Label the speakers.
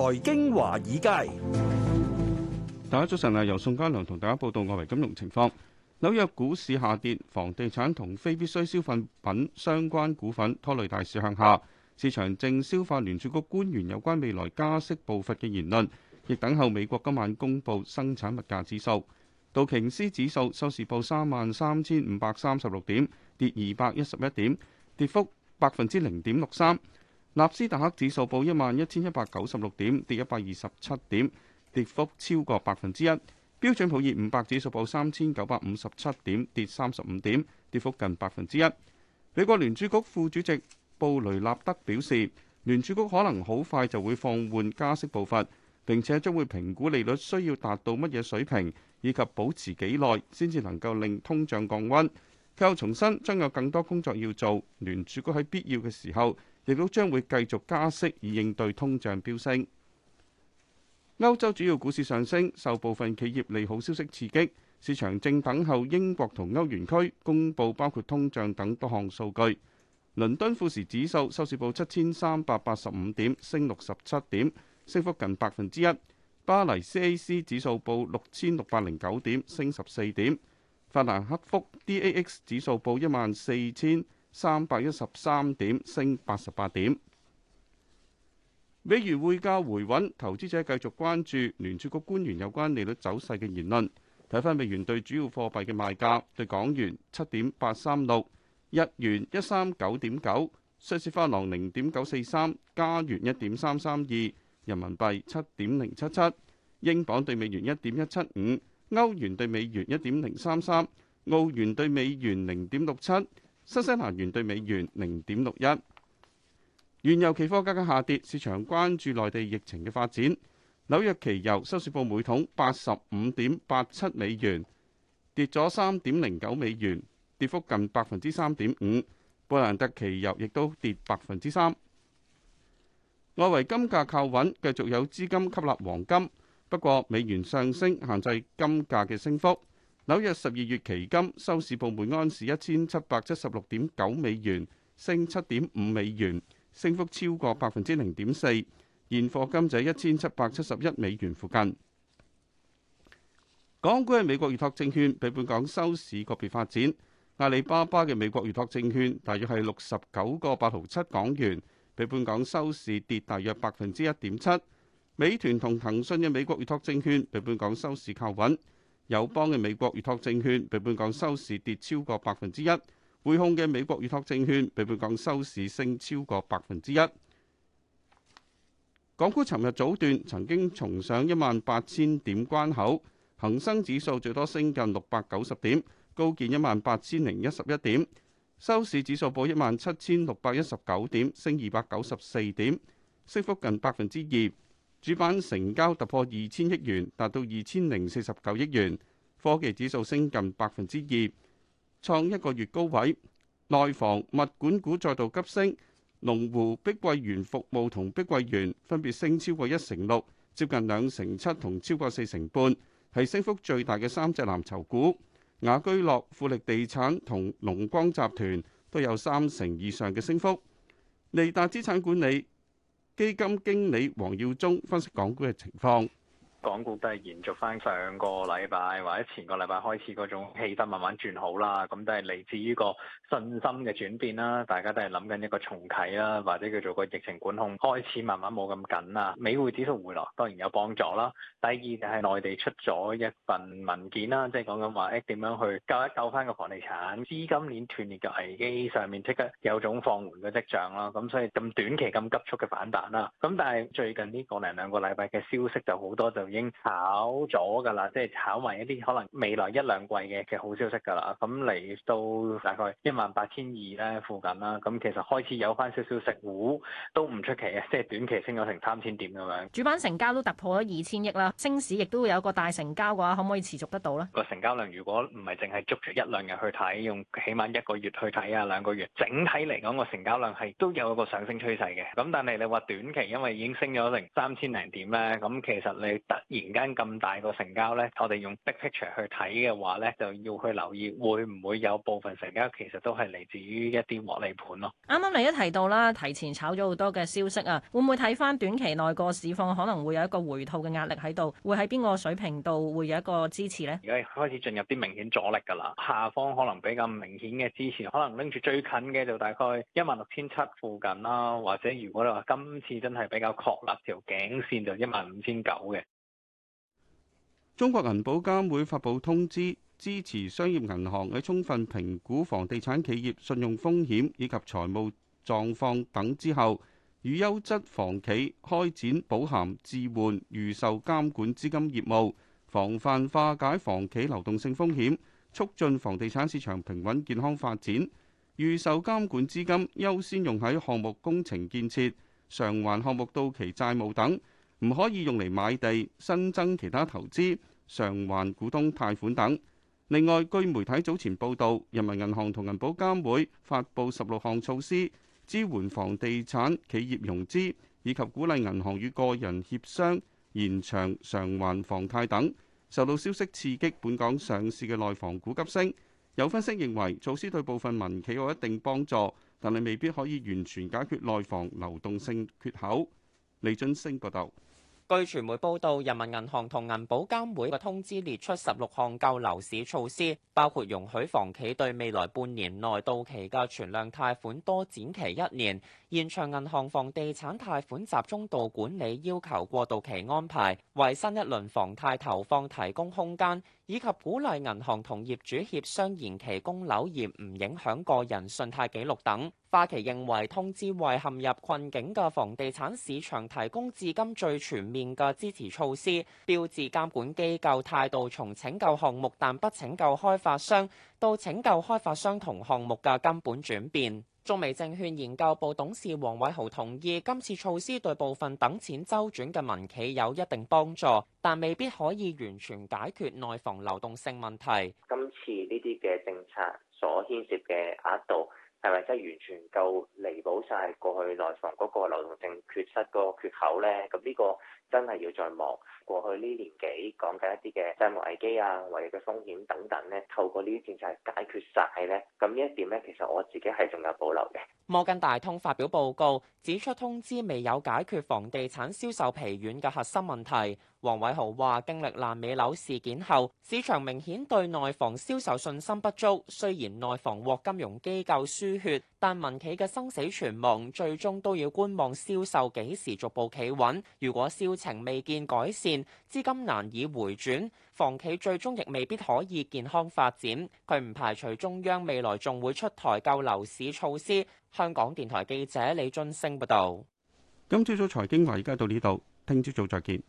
Speaker 1: 財經華爾街，大家早晨啊！由宋家良同大家報道外圍金融情況。紐約股市下跌，房地產同非必需消費品相關股份拖累大市向下。市場正消化聯儲局官員有關未來加息步伐嘅言論，亦等候美國今晚公布生產物價指數。道瓊斯指數收市報三萬三千五百三十六點，跌二百一十一點，跌幅百分之零點六三。納斯達克指數報一萬一千一百九十六點，跌一百二十七點，跌幅超過百分之一。標準普爾五百指數報三千九百五十七點，跌三十五點，跌幅近百分之一。美國聯儲局副主席布雷納德表示，聯儲局可能好快就會放緩加息步伐，並且將會評估利率需要達到乜嘢水平，以及保持幾耐先至能夠令通脹降溫。佢又重申，將有更多工作要做，聯儲局喺必要嘅時候，利率將會繼續加息以應對通脹飆升。歐洲主要股市上升，受部分企業利好消息刺激，市場正等候英國同歐元區公佈包括通脹等多項數據。倫敦富時指數收市報七千三百八十五點，升六十七點，升幅近百分之一。巴黎 CAC 指數報六千六百零九點，升十四點。法蘭克福 DAX 指數報一萬四千。三百一十三點，升八十八點。美元匯價回穩，投資者繼續關注聯儲局官員有關利率走勢嘅言論。睇返美元對主要貨幣嘅賣價，對港元七點八三六，日元一三九點九，瑞士法郎零點九四三，加元一點三三二，人民幣七點零七七，英鎊對美元一點一七五，歐元對美元一點零三三，澳元對美元零點六七。新西蘭元對美元零點六一，原油期貨價格下跌，市場關注內地疫情嘅發展。紐約期油收市報每桶八十五點八七美元，跌咗三點零九美元，跌幅近百分之三點五。布蘭特期油亦都跌百分之三。外圍金價靠穩，繼續有資金吸納黃金，不過美元上升限制金價嘅升幅。紐約十二月期金收市報每安士一千七百七十六點九美元，升七點五美元，升幅超過百分之零點四。現貨金就一千七百七十一美元附近。港股嘅美國預託證券，比本港收市個別發展。阿里巴巴嘅美國預託證券大約係六十九個八毫七港元，比本港收市跌大約百分之一點七。美團同騰訊嘅美國預託證券比本港收市靠穩。友邦嘅美國預託證券被本港收市跌超過百分之一，匯控嘅美國預託證券被本港收市升超過百分之一。港股尋日早段曾經重上一萬八千點關口，恒生指數最多升近六百九十點，高見一萬八千零一十一點，收市指數報一萬七千六百一十九點，升二百九十四點，升幅近百分之二。主板成交突破二千億元，達到二千零四十九億元。科技指數升近百分之二，創一個月高位。內房物管股再度急升，龍湖、碧桂園服務同碧桂園分別升超過一成六、接近兩成七同超過四成半，係升幅最大嘅三隻藍籌股。雅居樂、富力地產同龍光集團都有三成以上嘅升幅。利達資產管理。基金經理黃耀忠分析港股嘅情況。
Speaker 2: 港股都係延續翻上個禮拜或者前個禮拜開始嗰種氣氛慢慢轉好啦，咁都係嚟自於個信心嘅轉變啦。大家都係諗緊一個重啟啦，或者叫做個疫情管控開始慢慢冇咁緊啦。美匯指數回落當然有幫助啦。第二就係內地出咗一份文件啦，即係講緊話點樣去救一救翻個房地產資金鏈斷裂嘅危機上面，即刻有種放緩嘅跡象啦。咁所以咁短期咁急速嘅反彈啦。咁但係最近呢個零兩個禮拜嘅消息就好多就已經炒咗㗎啦，即係炒埋一啲可能未來一兩季嘅嘅好消息㗎啦，咁嚟到大概一萬八千二咧附近啦，咁其實開始有翻少少食糊都唔出奇嘅，即係短期升咗成三千點咁樣。
Speaker 3: 主板成交都突破咗二千億啦，升市亦都會有個大成交嘅話，可唔可以持續得到咧？
Speaker 2: 個成交量如果唔係淨係捉住一兩日去睇，用起碼一個月去睇啊，兩個月，整體嚟講，這個成交量係都有一個上升趨勢嘅。咁但係你話短期因為已經升咗成三千零點咧，咁其實你突然間咁大個成交咧，我哋用 big picture 去睇嘅話咧，就要去留意會唔會有部分成交其實都係嚟自於一啲獲利盤咯。
Speaker 3: 啱啱你一提到啦，提前炒咗好多嘅消息啊，會唔會睇翻短期內個市況可能會有一個回吐嘅壓力喺度？會喺邊個水平度會有一個支持咧？
Speaker 2: 而家開始進入啲明顯阻力㗎啦，下方可能比較明顯嘅支持，可能拎住最近嘅就大概一萬六千七附近啦，或者如果你話今次真係比較確立條頸線就一萬五千
Speaker 1: 九嘅。中國銀保監會發布通知，支持商業銀行喺充分評估房地產企業信用風險以及財務狀況等之後，與優質房企開展保函置換、預售監管資金業務，防範化解房企流動性風險，促進房地產市場平穩健康發展。預售監管資金優先用喺項目工程建設、償還項目到期債務等，唔可以用嚟買地、新增其他投資。償還股東貸款等。另外，據媒體早前報道，人民銀行同銀保監會發布十六項措施，支援房地產企業融資，以及鼓勵銀行與個人協商延長償還房貸等。受到消息刺激，本港上市嘅內房股急升。有分析認為，措施對部分民企有一定幫助，但係未必可以完全解決內房流動性缺口。李俊升報道。據傳媒
Speaker 3: 報道，人民銀行同銀保監會嘅通知列出十六項救樓市措施，包括容許房企對未來半年內到期嘅存量貸款多展期一年。現場銀行房地產貸款集中度管理要求過渡期安排，為新一輪房貸投放提供空間，以及鼓勵銀行同業主協商延期供樓而唔影響個人信貸記錄等。花旗認為，通知為陷入困境嘅房地產市場提供至今最全面嘅支持措施，標誌監管機構態度從拯救項目但不拯救開發商到拯救開發商同項目嘅根本轉變。中美證券研究部董事王偉豪同意，今次措施對部分等錢周轉嘅民企有一定幫助，但未必可以完全解決內房流動性問題。今次呢啲嘅政策所牽涉嘅額度。係咪真係完全夠彌補晒過去內房嗰個流動性缺失個缺口呢？咁呢個真係要再望過去呢年幾講緊一啲嘅債務危機啊，或者嘅風險等等呢，透過呢啲政策解決晒呢。咁呢一點呢，其實我自己係仲有保留嘅。摩根大通發表報告指出，通知未有解決房地產銷售疲軟嘅核心問題。王偉豪話：經歷爛尾樓事件後，市場明顯對內房銷售信心不足。雖然內房獲金融機構輸血，但民企嘅生死存亡，最終都要觀望銷售幾時逐步企穩。如果銷情未見改善，資金難以回轉，房企最終亦未必可以健康發展。佢唔排除中央未來仲會出台救樓市措施。香港電台記者李津升報道。
Speaker 1: 今朝早財經話，而家到呢度，聽朝早再見。